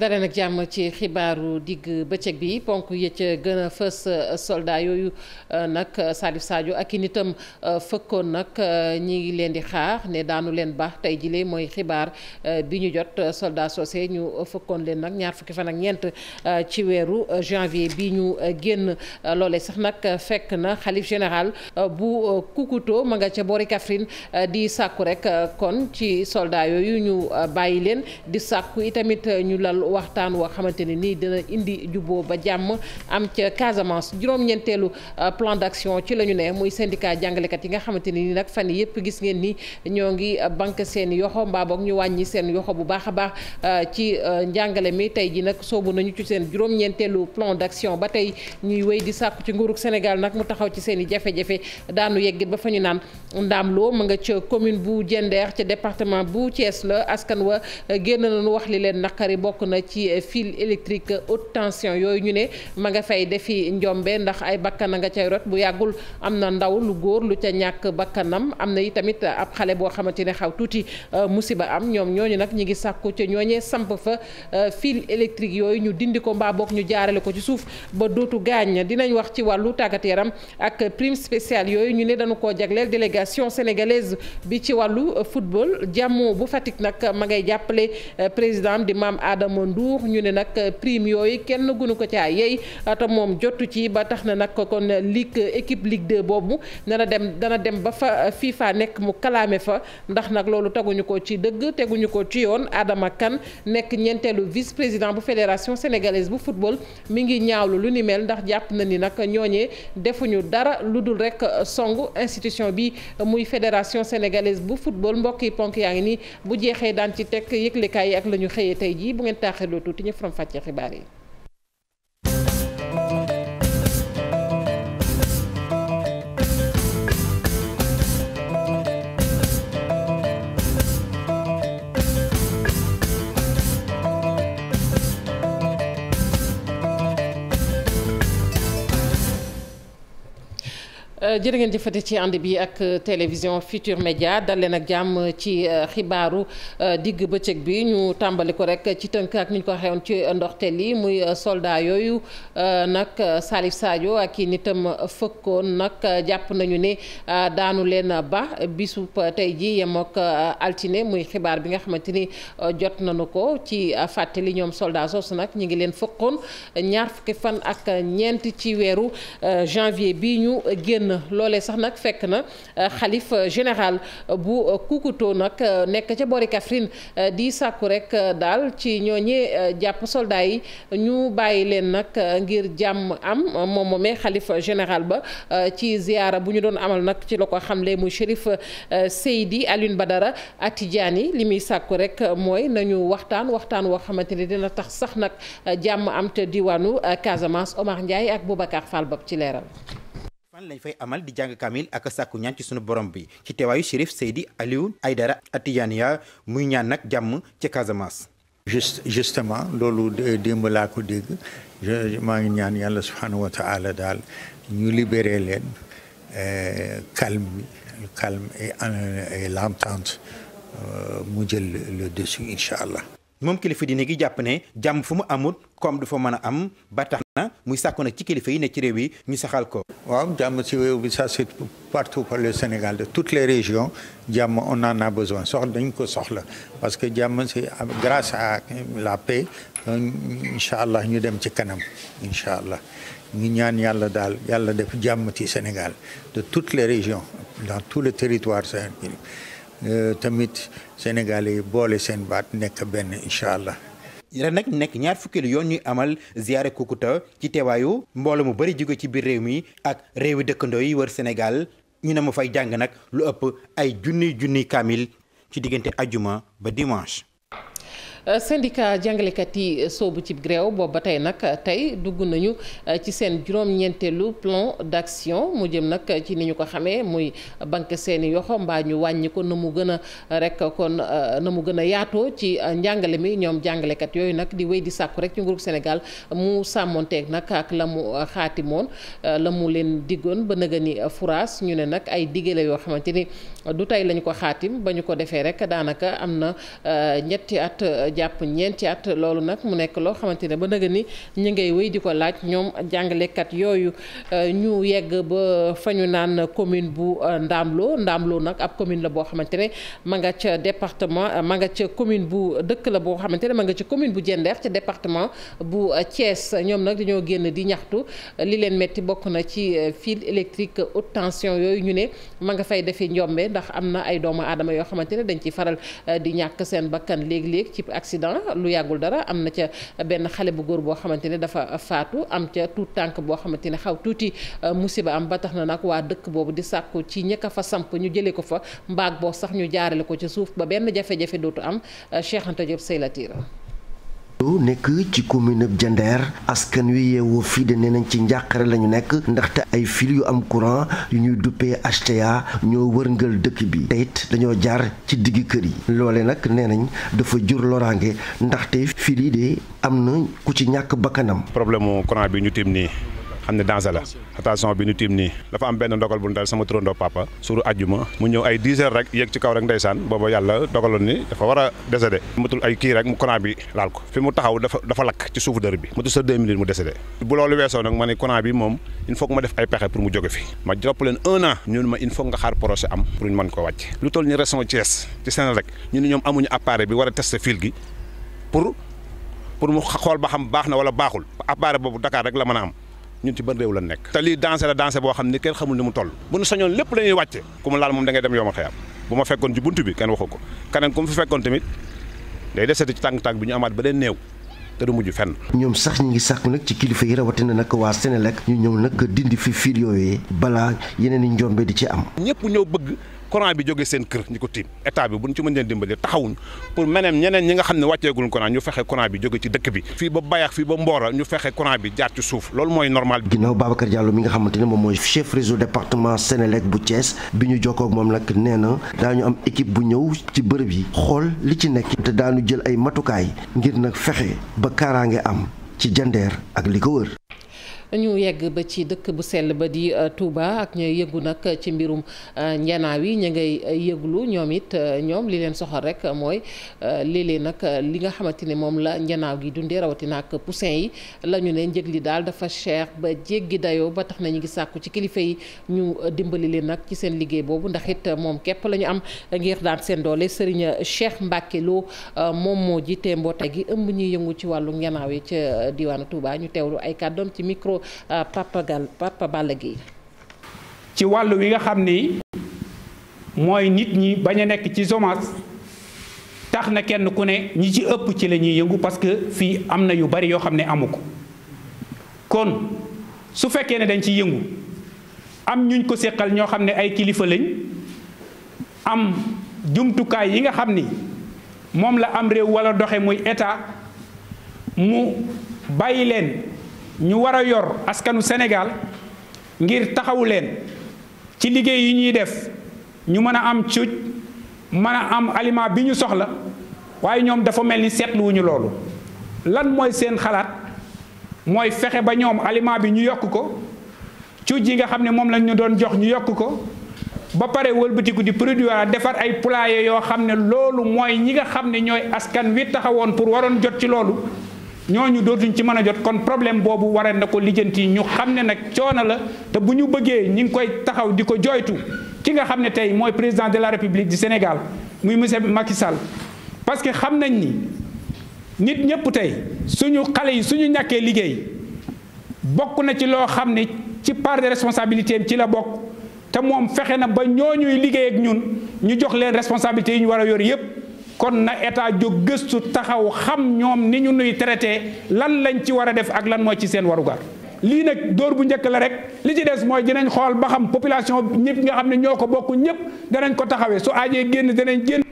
dale nag jàmm ci xibaaru digg bëccëg bi ponk yi ca gën a fës uh, soldaa yooyu uh, nag uh, Salif Sadio ak i nitam fëkkoon nag ñi ngi leen di xaar ne daanu leen baax tey jile mooy xibaar bi ñu jot soldat soosé ñu fëkkoon leen nag ñaar fukki fan ak ñeent ci weeru janvier bi ñu génn loole sax nag fekk na xalif général bu Kukuto ma nga ca boori Kaffrine di sàkku rek kon ci soldat yooyu ñu bàyyi leen di sàkku itamit ñu lal waxtaan woo xamante ne nii dina indi juboo ba jàmm am ca Casamance juróom-ñeenteelu euh, plan d'action ci la ñu ne muy syndicat jàngalekat yi nga xamante ne nii nag fan yépp gis ngeen ni ñoo ngi euh, banque seen yoxo mbaa boog ñu wàññi seen yoxo bu baax a baax euh, ci njàngale mi tey ji nag soobu nañu ci seen juróom-ñeenteelu plan d'action ba tey ñuy wéy di sàkku ci nguurug Sénégal nag mu taxaw ci seen i jafe-jafe daanu yeggit ba fa ñu naan ndaam loo ma nga ca commune bu Diender ca département bu Thiès la askan ci fil électrique haute tension yooyu ñu ne ma nga fay defi njombe ndax ay bakkan a nga ca rot bu yàggul am na ndaw lu góor lu ca ñàkk bakkanam am na tamit ab xale boo xamante ne xaw tuuti euh, musiba am ñoom ñooñu nag ñi ngi sàkku ca ñooñee samp fa euh, fil électrique yooyu ñu dindi ko mbaa boog ñu jaarale ko ci suuf ba dootu gaañ dinañ wax ci wàllu tàggat yaram ak prime spéciale yooyu ñu ne dañu koo jagleel délégation sénégalaise bi ci wàllu football Ndour ñu ne nag prime yooyu kenn gunu ko caa yey te moom jotu ci ba tax na nag kon ligue équipe ligue 2 boobu dana dem dana dem ba fa FIFA nekk mu kalaame fa ndax nag loolu teguñu ko ci dëgg teguñu ko ci yoon Adama kan nekk ñeenteelu vice président bu fédération sénégalaise bu football mi ngi ñaawlu lu ni mel ndax jàpp na ni nag ñooñee defuñu dara lu dul rek songu institution bi muy fédération sénégalaise bu football mbokk yi ponk yaa ngi nii bu jeexee daan jaaxeeloo tuuti ñu faram xibaar yi. Euh, jërë ngeen jëfate ci ànd bi ak euh, télévision Futur Média dal leen ak jàmm ci euh, xibaaru digg bëccëg bi ñu tàmbali ko rek ci tënk ak ñu ko xewoon ci ndoxteel yi muy soldat yooyu nag Salif Sadio ak i nitam fëkkoon nag jàpp nañu ne daanu leen ba bisu tey ji yem ak altine muy xibaar bi nga xamante ni jot nañu ko ci fàttali ñoom soldat soosu nag ñu ngi leen fëkkoon ñaar fukki fan ak ñeent ci weeru janvier bi ñu génn loole sax nag fekk na euh, xalifa euh, général euh, bu Koukoutoo nag nekk ca bori Kaffrine di sàkku rek daal ci ñooñee jàpp soldat yi ñu bàyyi leen nag ngir jàmm am moom moomee xalif général ba ci ziyaara bu ñu doon amal nag ci la ko xamle muy Chérif Seydi aline Alioune Badara Atidiani li muy sàkku rek mooy nañu waxtaan waxtaan woo xamante ni dina tax sax nag jàmm am te diwaanu Casamance Omar Ndiaye ak Boubacar Fall bopp ci leeral fan fay amal di jàng kamil ak sàkku ñaan sunu borom bi ci teewaayu Chérif Seydi Aliou Aydara Atijaniya muy ñaan nag jàmm ci Casamance. juste justement loolu démb laa ko maa ngi ñaan yàlla subhanahu wa taala daal ñu libéré leen euh, calme bi calme et euh, l'entente euh, mu jël le dessus incha allah. moom kilifa diine gi jàpp ne jàmm fu mu amut comme du fa mën a am ba tax na muy sàkku nag ci kilifa yi ne ci réew yi ñu saxal ko. waaw jàmm ci réew bi ça c'est partout par le Sénégal de toutes les régions jàmm on en a besoin soxla dañ soxla parce que jàmm c'est grâce à la paix incha allah ñu dem ci kanam incha allah ñu ñaan yàlla daal yàlla def jàmm ci Sénégal de toutes les régions dans tout le territoire sénégalais. Euh, tamit sénégalais boole seen baat nekk benn incha allah. ren nag nekk ñaar fukkeelu yoon ñuy amal ziare Koukuta ci teewaayu mbooloo mu bari jóge ci biir réew mi ak réewi dëkkandoo yi wër Sénégal ñu ne mu fay jàng nag lu ëpp ay junniy junni kaamil ci diggante ajuma ba dimanche. Euh, syndicat jàngalekat yi soobu ci grève boobu ba tey nag tey dugg nañu euh, ci seen juróom-ñeenteelu plan d'action mu jëm nag ci ni ñu ko xamee muy banque seeni yoxo mbaa ñu wàññi ko na mu gën a rek kon euh, na mu gën a yaatoo ci njàngale mi ñoom jàngalekat yooyu nag di wéy di sàkku rek ci nguurug Sénégal mu sàmmonteeg nag ak la mu xaatimoon la mu leen diggoon ba nëga ni furaas ñu ne nag ay diggale yoo xamante ni du tey lañu ko xaatim ba ñu ko defee rek daanaka am na ñetti at jàpp ñeenti at loolu nag mu nekk loo xamante ne ba nëga ni ñi ngay wéy di ko laaj ñoom jàngalekat yooyu euh, ñu yegg ba fa ñu naan commune bu euh, Ndamlo Ndamlo nag ab commune la boo xamante ne ma nga ca département ma nga ca commune bu dëkk la boo xamante ne ma nga ca commune bu Diender ca département bu euh, Thiès ñoom nag dañoo génn di ñaxtu li leen metti bokk na ci fil électrique haute tension yooyu ñu ne ma nga fay defee njombe ndax am na ay doomu aadama yoo xamante ne dañ ci faral di ñàkk seen bakkan léegi-léeg ci accident lu yàggul dara am na ca benn xale bu góor boo xamante ne dafa faatu am ca tuut tànk boo xamante ne xaw tuuti euh, musiba am ba tax na nag waa dëkk boobu di sàkku ci ñëkk a fa samp ñu jëlee ko fa mbaag boo sax ñu jaarale ko ca suuf ba benn jafe-jafe dootu am euh, Cheikh Anta Diop Seylatira nekk ci commune Diender askan wi yeewoo fii de nee nañ ci njàqare la ñu nekk ndaxte ay fil yu am courant yu ñuy duppee HTA ñoo wërngël dëkk bi te dañoo jaar ci digg kër yi loole nag nee nañ dafa jur loraange ndaxte fil yi de am na ku ci ñàkk bakkanam problème mu courant bi ñu tim nii xam ne danger la station bi ñu tiim nii dafa am benn ndogal bu ñu dal sama turandoo papa suuru ajjuma mu ñëw ay 10 heures rek yéeg ci kaw rek ndeysaan booba yàlla dogaloon ni dafa war a décédé matul ay kii rek mu courant bi laal ko fi mu taxaw dafa dafa lakk ci suufu dër bi matul sa deux minutes mu décédé bu loolu weesoo nag ma ne courant bi moom il faut que ma def ay pexe pour mu jóge fi ma jàpp leen un an ñun ma il faut nga xaar projet am pour ñu mën ko wàcc lu toll ni région Thiès ci seen rek ñu ne ñoom amuñu appareil bi war a tester fil gi pour pour mu xool ba xam baax na wala baaxul appareil boobu Dakar rek la mën a am ñun ci ban réew la nekk te lii dansé la dansé boo xam ni kenn xamul ni mu toll bu nu sañoon lépp la ñuy wàcce ku mu laal moom da dem yooma bu ma fekkoon ci buntu bi kenn waxu ko keneen ku mu fi fekkoon tamit day desati ci tàng-tàng bi ñu amaat ba leen néew te du mujj fenn. ñoom sax ñu ngi sàkku nag ci kilifa yi rawatina nag waa Sénélec ñu ñëw nag dindi fi fiil yooyu balaa yeneen i njombe di ci am. ñëpp ñoo bëgg courant bi jógee seen kër ñi ko tiim état bi buñ ci mën leen dimbali taxawuñ pour meneen ñeneen ñi nga xam ne wàcceegul courant ñu fexe courant bi jóge ci dëkk bi fii ba bayax fii ba mboora ñu fexe courant bi jaar ci suuf loolu mooy normal bi ginnaaw Babacar Diallo mi nga xamante ne moom mooy chef réseau département Sénélec bu Thiès bi ñu jokkoo moom nag nee na daañu am équipe bu ñëw ci bërëb yi xool li ci nekk te daanu jël ay matukaay ngir nag fexe ba kaaraange am ci jandeer ak li ko wër ñu yegg ba ci dëkk bu sell ba di euh, Touba ak ñooy yëgu nag ci mbirum euh, njanaaw yi ñu ngay euh, yëglu ñoom it ñoom li leen soxal rek mooy léeg-léeg nag li nga xamante ni moom la njanaaw gi dundee rawatina ak poussin yi la ñu ne njëg li daal dafa cher ba jéggi dayoo ba tax na ñu ngi sàkku ci kilifa yi ñu dimbali leen nag ci seen liggéey boobu ndax it moom képp la ñu am ngir daan seen doole Serigne Cheikh Mbacke Lo moom moo jiite mbootaay gi ëmb ñuy yëngu ci wàllu njanaaw yi ca diwaanu Touba ñu teewlu ay kàddoom ci ko euh, Papa gi ci wàll wi nga xam ni mooy nit ñi bañ a nekk ci chômage tax na kenn ku ne ñi ci ëpp ci la ñuy yëngu parce que fii am na yu bari yoo xam ne amu ko kon su fekkee ne dañ ci yëngu am ñuñ ko séqal ñoo xam ne ay kilifa lañ am jumtukaay yi nga xam ni moom la am réew wala doxe muy état mu bàyyi leen ñu war a yor askanu Sénégal ngir taxawu leen ci liggéey yi ñuy def ñu mën a am cuuj mën a am aliment bi ñu soxla waaye ñoom dafa mel ni seetluwuñu loolu lan mooy seen xalaat mooy fexe ba ñoom aliment bi ñu yokk ko cuuj yi nga xam ne moom lañ ñu doon jox ñu yokk ko ba pare wëlbatiku di produire defar ay poulailler yoo xam ne loolu mooy ñi nga xam ne ñooy askan wi taxawoon pour waroon jot ci loolu ñooñu dootuñ ci mën a jot kon problème boobu waree na ko lijjanti ñu xam ne nag coono la te bu ñu bëggee ñu ngi koy taxaw di ko jooytu ki nga xam ne tey mooy président de la république du Sénégal muy monsieur Macky Sall parce que xam nañ ni nit ñëpp tey suñu xale yi suñu ñàkkee liggéey bokk na ci loo xam ne ci part de responsabilité ci la bokk te moom fexe na ba ñoo ñuy liggéey ak ñun ñu jox leen responsabilité yi ñu war a yor yëpp. kon na état jóg gëstu taxaw xam ñoom ni ñu nuy traité lan lañ ci war a def ak lan mooy ci seen warugar lii nag dóor bu njëkk la rek li ci des mooy dinañ xool ba xam population ñëpp nga xam ne ñoo ko bokk ñëpp danañ ko taxawee su aajee génn danañ génn.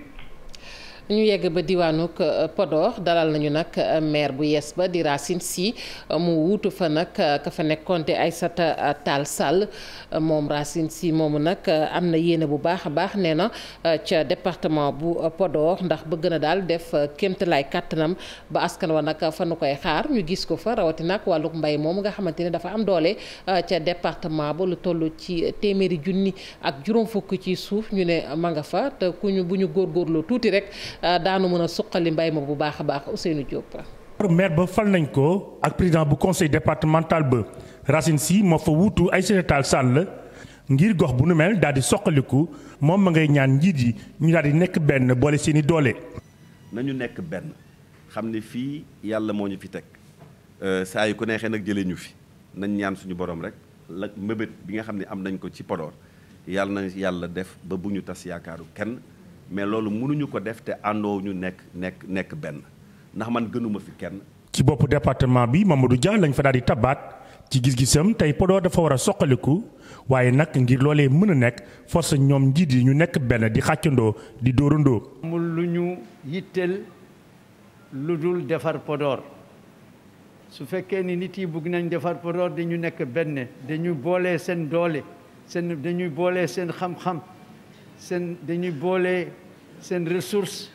ñu yegg ba diwaanu euh, Podor dalal nañu nag euh, maire bu yees ba di Racine Sy euh, mu wutu fa nag ka fa nekkoon ay Aïssata Tall Sall moom Racine Sy moomu nag am na yéene bu baax a baax nee na ca département bu Podor ndax bëgg na daal def kéemtalaay kàttanam ba askan wa nag fa nu koy xaar ñu gis ko fa rawatina ak wàlluk mbay moomu nga xamante ne dafa am doole ca département ba lu toll ci téeméeri junni ak juróom fukk ci suuf ñu ne ma nga fa te ku ñu bu ñu góorgóorloo tuuti rek Euh, daanu mën a suqali mbay ma bu baax a baax Ousseynou Diop. maire ba fal nañ ko ak président bu conseil départemental ba Racine Sy moo fa ay Aïssata Tall la ngir gox bu nu mel daal di soqaliku moom ma ngay ñaan njiit yi ñu daal nekk benn boole seeni doole. nañu nekk benn xam ne fii yàlla moo ñu fi teg euh, saa yu ko neexee nag jëlee ñu fi nañ ñaan suñu borom rek la mébét bi nga xam ne am nañ ko ci Podor yàlla na yàlla def ba bu ñu tas yaakaaru kenn. mais loolu mënuñu ko def te àndoo ñu nekk nekk nekk benn ndax man gënuma fi kenn. ci bopp département bi du Dia lañ fa daal di tabaat ci gis-gisam tey Podor dafa war a soqaliku waaye nag ngir loolee mën a nekk force ñoom njiit yi ñu nekk benn di xàccandoo di dóorandoo. amul lu ñu yitteel lu dul defar Podor su fekkee ni nit yi bëgg nañ defar Podor dañu nekk benn dañuy boolee seen doole seen dañuy boole seen xam-xam. seen dañuy boole seen ressource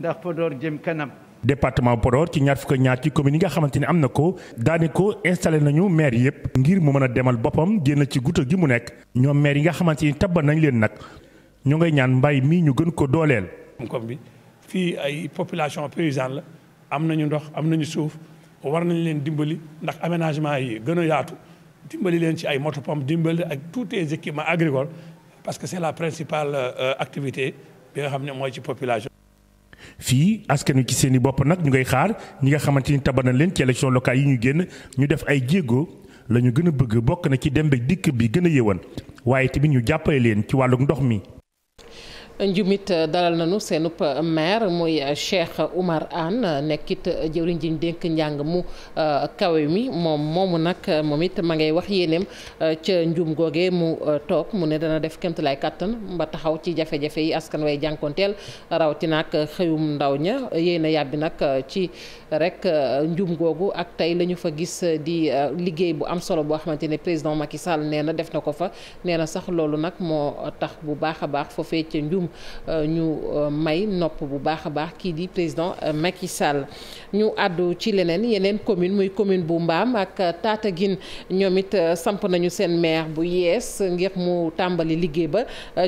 ndax podoor jëm kanam. département Podor ci ñaar fukk ñaar ci commune yi nga xamante ni am na ko daani ko installé nañu maire yëpp. ngir mu mën a demal boppam génn ci guta gi mu nekk. ñoom maire yi nga xamante ni tabba nañ leen nag ñoo ngay ñaan mbay mii ñu gën ko dooleel. koom bi fii ay population paysanne la am nañu ndox am nañu suuf war nañ leen dimbali ndax aménagement yi gën a yaatu dimbali leen ci ay moto pompe dimbali ak tous les équipements agricoles. parce que c'est la principale euh, activité bi nga xam ne mooy ci population. fii askan wi ci seen i bopp nag ñu ngay xaar ñi nga xamante ni tabana leen ci élection locale yi ñu génn ñu def ay jéego la ñu gën a bëgg bokk na ci dem beeg dikk bi gën a yéwan waaye tamit ñu jàppale leen ci wàlluk ndox mi. njumit eh, dalal nañu seenub eh, maire mooy eh, Cheikh Oumar Anne nekkit jëwriñ ji dénk njàng mu kawe mi moom moomu nag moom it ma ngay wax yéeneem ca njum googe mu toog mu ne dana def kemt lay kàttan mba taxaw ci jafe-jafe yi askan way jànkonteel rawatina ak xëyum ndaw ña yéena yàbbi nag ci rek njum googu ak tey la ñu fa gis di liggéey bu am solo boo xamante ne président Macky Sall nee na def na ko fa nee sax loolu nag moo tax bu baax a baax foofee ca ñoom euh, ñu euh, may nopp bu baax a baax kii di président euh, Macky Sall ñu àddu ci leneen yeneen commune muy commune bu Mbaam ak taata gin ñoom it samp nañu seen maire bu yees ngir mu tàmbali liggéey ba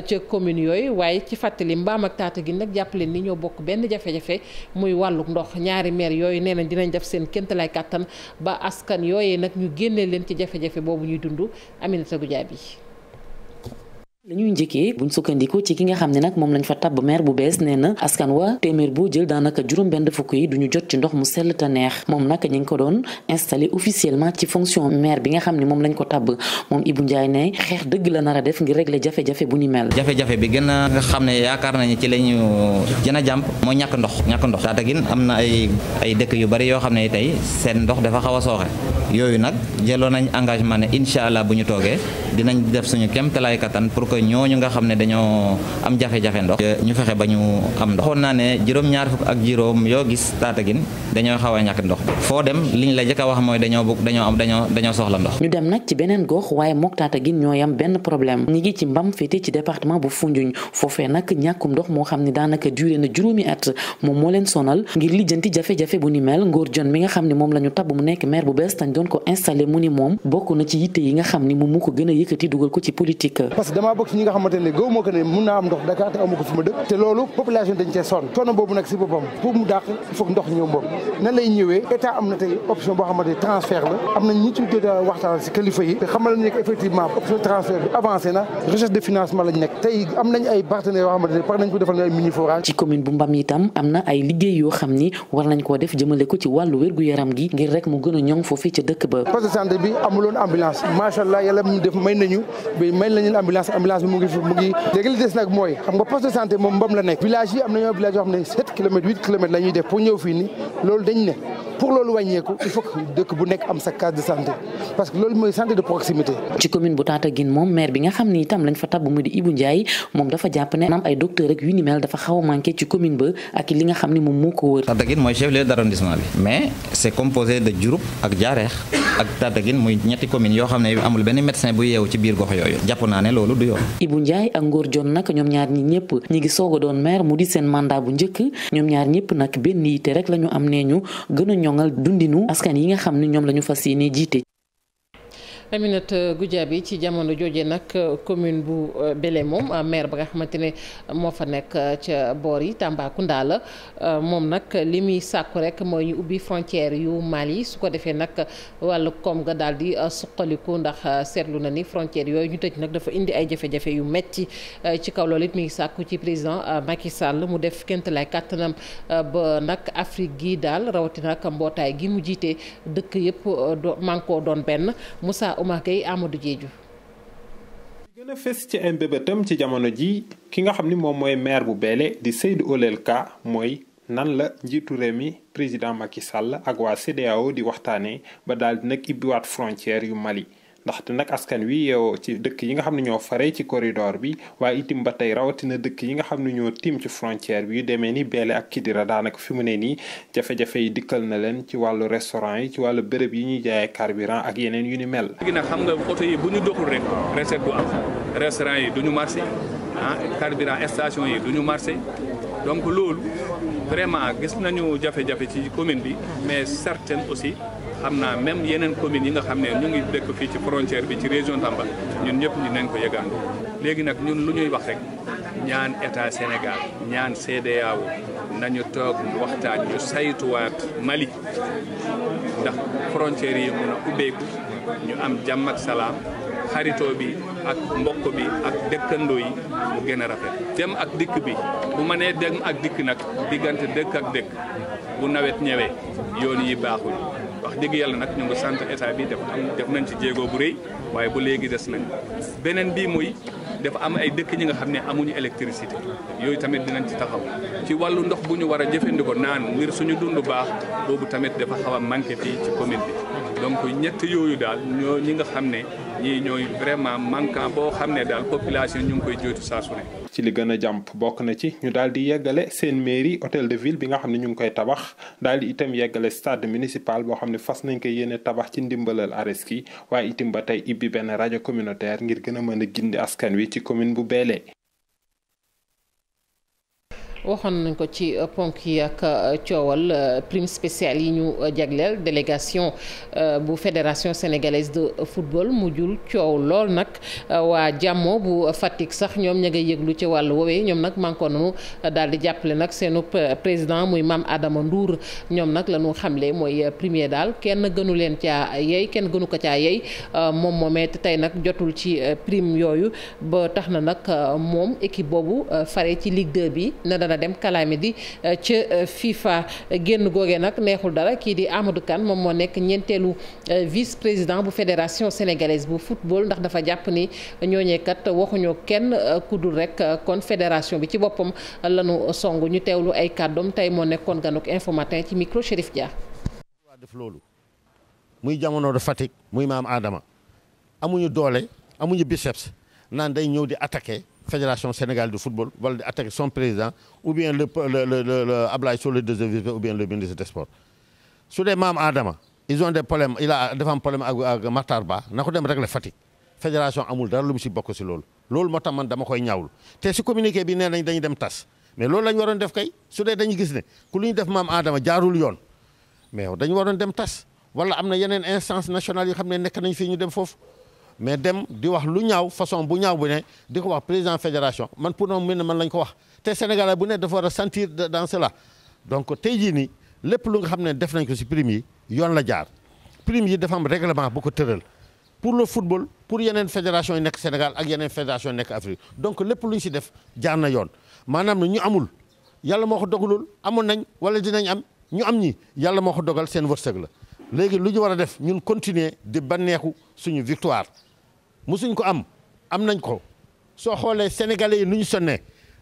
ca commune yooyu waaye ci fàttali Mbaam ak Tataguine nag jàpp leen ni ñoo bokk benn jafe-jafe muy wàlluk ndox ñaari maire yooyu nee nañ dinañ def seen kéemtalaay kàttan ba askan yooyee nag ñu génne leen ci jafe-jafe boobu ñuy dund Aminata Goudiaby la ñuy njëkkee buñ sukkandiku ci ki nga xam ne nag moom lañ fa tabb maire bu bees nee na askan wa téeméer bu jël daanaka juróom benn fukk yi duñu jot ci ndox mu sell te neex moom nag ñu ngi ko doon installé officiellement ci fonction maire bi nga xam ne moom lañ ko tabb moom Ibou Ndiaye ne xeex dëgg la nar a def ngir régler jafe-jafe bu ni mel jafe-jafe bi gën a xam ne yaakaar nañu ci lañu jën a jàmp moo ñàkk ndox ñàkk ndox Tataguine am na ay ay dëkk yu bari yoo xam ne tey seen ndox dafa xaw a sooxe yooyu nag jëloon nañ engagement ne incha allah bu ñu toogee dinañ def suñu kéemtalaay kattan pour que ñooñu nga xam ne dañoo am jafe-jafe ndox ñu fexe ba ñu am ndox waxoon naa ne juróom-ñaar fukk ak juróom yoo gis Tataguine dañoo xaw a ñàkk ndox foo dem liñ la jëkk wax mooy dañoo bugg dañoo am dañoo dañoo soxla ndox ñu dem nag ci beneen gox waaye mook Tataguine ñoo yam benn problème ñi ngi ci mbam féete ci département bu Foundiougne foofee nag ñàkkum ndox moo xam ne daanaka duré na juróomi at moom moo leen sonal ngir lijjanti jafe-jafe bu ni mel ngóor jon mi nga xam ne moom la ñu tabb mu nekk maire bu bees tañ doon ko installé mu ni moom bokk a yëkkati que damaa bokk ci ñi nga xamante ne gëw ko ne mun naa am ndox Dakar te amuloon ambulance macha allah yàlla mu def may nañu may nañu ambulance ambulance mu ngi fi mu nag mooy xam nga poste de santé moom mbam la nekk village yi am nañoo village yoo xam ne 7 kilomètres 8 kilomètres la def pour ñëw fii ni loolu dañ ne pour loolu wàññeeku il faut que dëkk bu nekk am sa case de santé parce que loolu mooy santé de proximité. ci commune bu Tataguine moom maire bi nga xam ni itam lañ fa tabb muy yoo xam ne amul benn médecin bu yeewu ci biir gox yooyu jàpp naa ne loolu du di seen mandat bu njëkk ñoom ñaar ñëpp nag benn yitte rek lañu am nee ñu gën a ñoŋal dundinu askan yi nga xam ne ñoom la ñu fas yéene jiite Aminata Goudiaby ci jamono joojee nag commune bu euh, Bélé moom euh, maire ba nga xamante ne moo fa nekk euh, ca boor yi Tambacounda la moom nag li muy sàkku rek mooy ñu ubbi frontière yu yi su ko defee nag wàllu koom ga daal di suqaliku ndax seetlu na ni frontière yooyu ñu tëj nag dafa indi ay jafe-jafe yu metti ci kaw loolu it mi ngi sàkku ci président Macky sàll mu def kent lay kàttanam ba nag Afrique gi daal rawatina ak mbootaay gi mu jiitee dëkk yëpp do doon benn Oumar Gueye Amadou Diédhiou a fës ci ay mbébétam ci jamono ji ki nga xam ni moom mooy maire bu Bélé di Seydou Oulel Ka mooy nan la njiitu réew mi président Macky Sall ak waa CEDEAO di waxtaanee ba daal di nag ibbiwaat frontière yu Mali ndaxte nag askan wi yow ci dëkk yi nga xam ne ñoo fare ci corridor bi waaye itim ba tey rawatina dëkk yi nga xam ne ñoo tiim ci frontière bi yu demee ni Bélé ak Kidira daanaka fi mu ne nii jafe-jafe yi dikkal na leen ci wàllu restaurant yi ci wàllu béréb yi ñuy jaayee carburant ak yeneen yu ni mel. léegi xam nga oto bu ñu doxul rek recette du am restaurant yi du ñu marché ah carburant station yi du ñu marché donc loolu gis nañu jafe-jafe ci commune bi mais certaine aussi. xam naa même yeneen communes yi nga xam ne ñu ngi dëkk fii ci frontière bi ci région Tamba ñun ñëpp ñu neen ko yëgaandu léegi nag ñun lu ñuy wax rek ñaan état Sénégal ñaan CEDEAO nañu toog waxtaan ñu saytuwaat Mali ndax frontière yi mun a ubbeeku ñu am jàmm ak salaam xaritoo bi ak mbokk bi ak dëkkandoo yi mu gën a rafet dem ak dikk bi bu ma nee dem ak dikk nag diggante dëkk ak dëkk bu nawet ñëwee yoon yi baaxul dëgg yàlla nag ñu ngi sant état bi def am def nañ ci jéego bu rëy waaye ba léegi des nañ beneen bii muy dafa am ay dëkk ñi nga xam ne amuñu électricité yooyu tamit dinañ ci taxaw ci wàllu ndox bu ñu war a jëfandikoo naan ngir suñu dund baax boobu tamit dafa xaw a manqué ci commune bi donc ñett yooyu daal ñoo ñi nga xam ne ñii ñooy vraiment manquant boo xam ne daal population ñu ngi ci li gën a jàmp bokk na ci ñu daal di yeggale seen mairie hôtel de ville bi nga xam ne ñu ngi koy tabax daal di itam yeggale stade municipal boo xam ne fas nañ ko yéene tabax ci ndimbalal Areski waaye itam ba tey ibbi benn rajo communautaire ngir gën a mën a gindi askan wi ci commune bu Bélé. waxoon nañ ko ci ponk yi ak euh, coowal euh, prime spéciale yi ñu euh, jagleel délégation bu fédération sénégalaise de football jul coow lool nag waa jàmmo bu Fatick sax ñoom ña ngay yëglu ci wàll woowee ñoom nag man ko nanu daal di jàppale nag seenu président muy maam Adama Ndour ñoom nag la ñu xamle mooy premier daal kenn gënu leen caa yey kenn gënu ko caa yey moom moomee tey nag jotul ci prime yooyu ba tax na nag moom équipe boobu fare ci Ligue 2 bi na dana dem kalaami di euh, ca euh, FIFA euh, génn googee nag neexul dara kii di Amadou Kane moom moo nekk ñeenteelu vice président bu fédération sénégalaise bu football ndax dafa jàpp ni ñooñee kat waxuñoo kenn ku dul rek kon fédération bi ci boppam lanu song ñu teewlu ay kàddoom tey moo nekkoon ganuk info ci micro Chérif Dia. waa muy jamono de Fatick muy maam Adama amuñu fédération sénégalaise de football wala di attaquer son président ou bien le le le le Ablaye Sow ou bien le ministre des sports su dee maam Adama ils ont des problèmes il a dafa ak ak Matar na ko dem régler Fatick fédération amul dara lu mu si bokk si loolu loolu moo tax dama koy ñaawlu te si communiqué bi nee nañ dañu dem tas mais loolu la waroon def kay su dee dañu gis ne ku lu ñu def maam Adama jaarul yoon mais dañu waroon dem mais dem di wax lu ñaaw façon bu ñaaw bu ne di ko wax président fédération man pour noonu mu ne man lañ ko wax te Sénégalais bu ne dafa war a sentir dans cela donc tey jii nii lépp lu nga xam ne def nañ ko si prime yi yoon la jaar prime yi dafa am règlement bu ko tëral pour le football pour yeneen fédération yi nekk Sénégal ak yeneen fédération yi nekk Afrique donc lépp lu ñu si def jaar na yoon maanaam ne ñu amul yàlla moo ko dogalul amoon nañ wala dinañ am ñu am ñi yàlla moo ko dogal seen wërsëg la léegi lu ñu war a def ñun continuer di banneexu suñu victoire musuñ ko am am nañ ko soo xoolee sénégalais yi nu ñu sonnee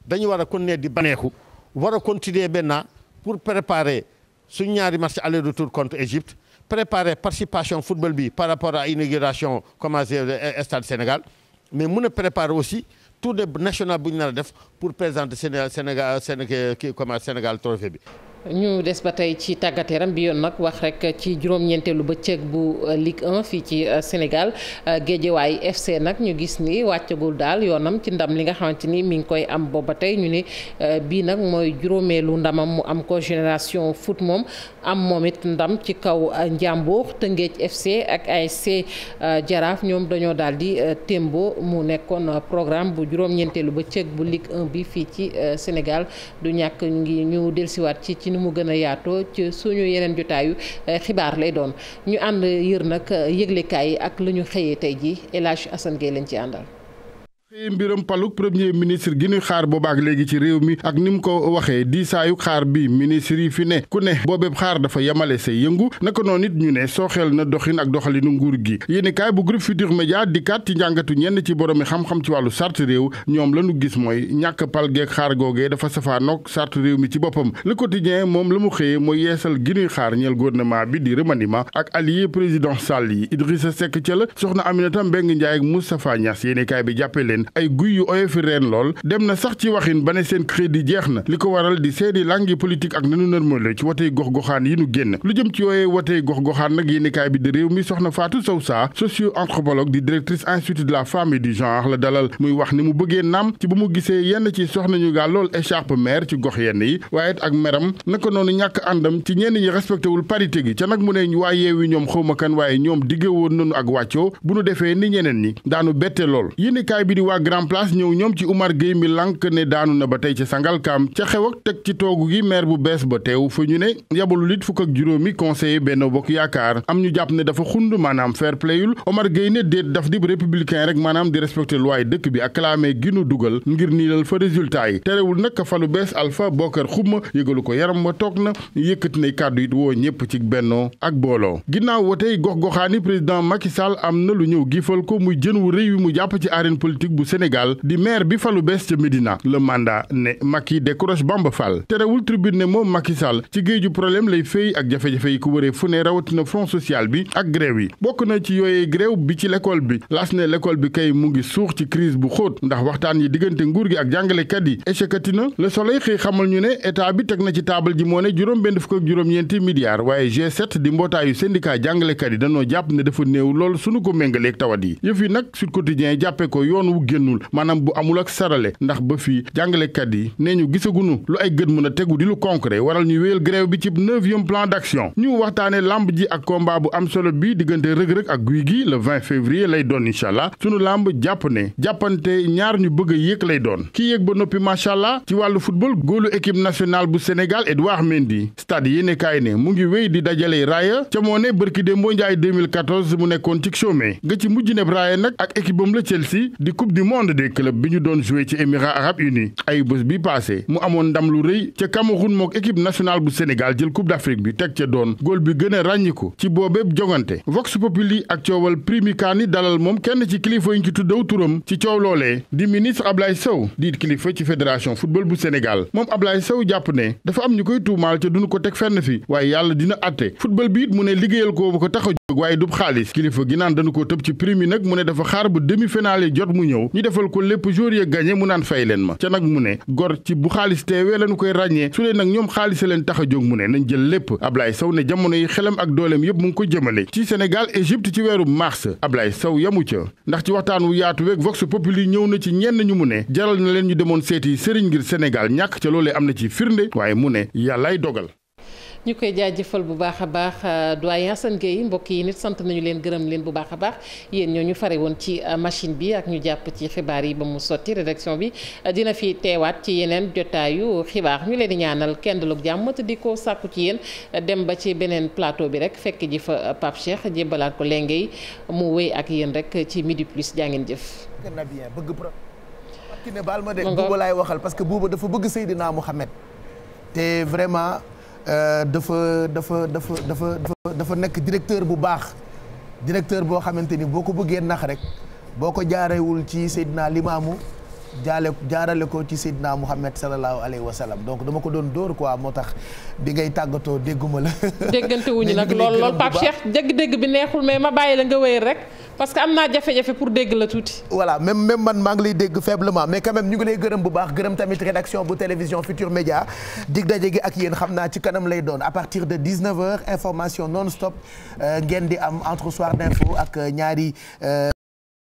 dañu war a continuer di baneeku war a continuer benn pour préparer suñ ñaari match aller retour contre Égypte préparer participation football bi par rapport à inauguration commencé euh, stade Sénégal mais mun a préparer aussi tournée nationale bu ñu nar def pour présenter Sénégal Sénégal kii comment Sénégal trophée bi. ñu des ba tey ci tàggat yaram bi yoon nag wax rek ci juróom-ñeenteelu bëccëg bu euh, Ligue en fii ci euh, Sénégal euh, Guédiawaye FC nag ñu gis ni wàccagul daal yoonam ci ndam li nga xamante ni mi ngi koy am booba tey ñu ni bii nag mooy juróomeelu ndamam mu am ko génération foot moom am moom it ndam ci kaw Ndiambour Tëngéej FC ak ASC Jaraaf ñoom dañoo daal di témbo mu nekkoon programme bu juróom-ñeenteelu bëccëg bu Ligue 1 réew bi fii ci euh, Sénégal du ñàkk ngi ñu delsiwaat ci ci ni mu gën a yaatoo ci suñu yeneen jotaayu euh, xibaar lay doon ñu ànd yër nag euh, yëglekaay yi ak la ñu xëyee tey ji El Hadj Assane Gueye lañ ci àndal xëy mbiram paluk premier ministre gi ñuy xaar boobaak léegi ci réew mi ak ni mu ko waxee di saayu xaar bi ministre yi fi ne ku ne boobeeb xaar dafa yemale say yëngu naka noonu nit ñu ne sooxeel na doxin ak doxalinu nguur gi yéenekaay bu groupe Futurs Médias dikkaat ci njàngatu ñenn ci boroomi xam-xam ci wàllu sart réew ñoom lañu gis mooy ñàkk pal geeg xaar googee dafa safaanoog sart réew mi ci boppam Le Quotidien moom la mu xëyee mooy yeesal gi ñuy xaar ñeel gouvernement bi di remaniement ak allié président Sall yi Idrissa Seck ca la soxna Aminata Mbengue bi jàppale leen ay guy yu oyofi reen lool dem na sax ci waxin ba ne seen crédit jeex na li ko waral di seeni langi politique ak nanu nërmale ci watey gox-goxaan yi nu génn lu jëm ci yooyee watey gox-goxaan nag yéenikaay bi di réew mi soxna Fatou Sow Sa socio anthropologue di directrice institut de la femme di du genre la dalal muy wax ni mu bëggee naam ci ba mu gisee yenn ci soxna ñu gaal lool écharpe maire ci gox yenn yi waaye ak meram naka noonu ñàkk àndam ci ñenn ñi respecté wul parité gi ca mu ne waa yeewi ñoom xawma kan waaye ñoom digge woon nanu ak wàccoo bu nu defee ni ñeneen ñi daanu bette lool waa Grand Place ñëw ñoom ci Oumar Gueye mi lànk ne daanu na ba tey ci Sangalkam ca xew ak teg ci toogu gi maire bu bees ba teew fa ñu ne yabalul it fukk ak juróomi conseiller Benno Bokk Yaakaar am ñu jàpp ne dafa xund maanaam fair playul Oumar Gueye ne déet daf di républicain rek maanaam di respecté loi dëkk bi ak clamé ginu dugal ngir niilal fa résultat yi terewul nag fa lu bees Alpha Bokar Xuma yëgalu ko yaram ba toog na yëkkati nay kàddu it woo ñëpp ci bennoo ak booloo ginnaaw wotey gox goxaani président Macky Sall am na lu ñëw giifal ko muy jën wu mu jàpp ci arène bu Sénégal di maire bi falu bees ca Médina le mandat ne Macky décroche Bamba Fall terewul tribune ne moom Macky Sall ci géeju problème lay fay ak jafe-jafe yi ku wëree fu ne rawatina front social bi ak grève yi bokk na ci yooyee grève bi ci l'école bi laas ne l'école bi kay mu ngi suux ci crise bu xóot ndax waxtaan yi diggante nguur gi ak jàngalekat yi échecati na le soleil xëy xamal ñu ne état bi teg na ci taabal ji moo ne juróom benn fukk ak juróom-ñeenti milliards waaye G7 di mbootaayu syndicat jàngalekat yi dañoo jàpp ne dafa néew lool sunu ko méngaleeg tawat yi génnul maanaam bu amul ak sarale ndax ba fii jàngalekat yi nee ñu gisagunu lu ay gët mën a tegu di lu concret waral ñu wéyal grève bi ci neuvième plan d'action ñu waxtaane lamb ji ak combat bu am solo bi diggante rëg-rëg ak guy gi le 20 février lay doon incha su sunu lamb jàpp ne jàppante ñaar ñu bëgg a yéeg lay doon ki yéeg ba noppi macha allah ci wàllu football góolu équipe nationale bu Sénégal Edouard Mendy stade yéene kaay ne mu ngi wéy di dajale raaya ca moo ne bërki démboo njaay 2014 mu nekkoon ci chômé nga du monde des clubs bi ñu doon joué ci émirats arabes unis ay bés bi passé mu amoon ndam lu rëy ca Cameroun mook équipe nationale bu Sénégal jël coupe d'Afrique bi teg ca doon góol bi gën a ràññiku ci boobépp jogante Vox Populi ak coowal Primi Kaani dalal moom kenn ci kilifa yi ñu ci tuddaw turam ci coow loolee di ministre Ablaye Sow di kilifa ci fédération football bu Sénégal moom Ablaye Sow jàpp ne dafa am ñu koy tuumaal ca duñu ko teg fenn fi waaye yàlla dina àtte football bi it mu ko tax a jóg waaye gi naan dañu ko tëb ci prime yi nag mu ñëw ñu defal ko lépp jour ya mu naan fay leen ma ca nag mu ne gor ci bu xaalis teewee lañu koy ràññee su leen nag ñoom xaalis leen tax a jóg mu ne nañ jël lépp Ablaye Sow ne jamono yi xelam ak dooleem yëpp mu ngi ko jëmale ci Sénégal Égypte ci weeru mars Ablaye Sow yamu ca ndax ci waxtaan wu yaatu weeg Vox Populi ñëw na ci ñenn ñu mu ne jaral na leen ñu demoon seeti sëriñ ngir Sénégal ñàkk ca loolee am na ci firnde waaye mu ne yàllaay dogal ñu koy jaajëfal bu baax a baax euh, doyen Assane Gueye mbokk yi nit sant nañu leen gërëm leen bu baax a baax yéen ñoo ñu fare woon ci euh, machine bi ak ñu jàpp ci xibaar yi ba mu sotti rédaction bi euh, dina fi teewaat ci yeneen jotaayu xibaax ñu leen di ñaanal kenn dalug jàmm te di ko sàkku ci yéen dem ba ci beneen plateau bi rek fekk ji fa Pape Cheikh jébbalaat ko ngay mu wéy ak yéen rek ci midi plus jaa ngeen jëf. ne baal ma de buuba laay waxal parce que buuba dafa bëgg Seydina Mouhamed te Euh, dafa dafa dafa dafa dafa nekk directeur bu baax directeur boo xamante ni boo ko bëggee nax rek boo ko jaarewul ci Seydina Limaamu jaale jaarale ko ci Seydina Mouhamed sallallahu alayhi wa sallam donc dama ko doon dóor quoi moo tax bi ngay tàggatoo dégguma la. déggante wuñu nag lool lool Pape Cheikh dégg bi neexul mais ma bàyyi la nga wéy rek parce que am naa jafe-jafe pour dégg la tuuti. voilà même même man maa ngi lay dégg faiblement mais quand même ñu ngi lay gërëm bu baax gërëm tamit rédaction bu télévision Futur Média dig daje gi ak yéen xam naa ci kanam lay doon à partir de 19h information non stop euh, ngeen di am entre soir d'info ak euh, ñaari. Euh,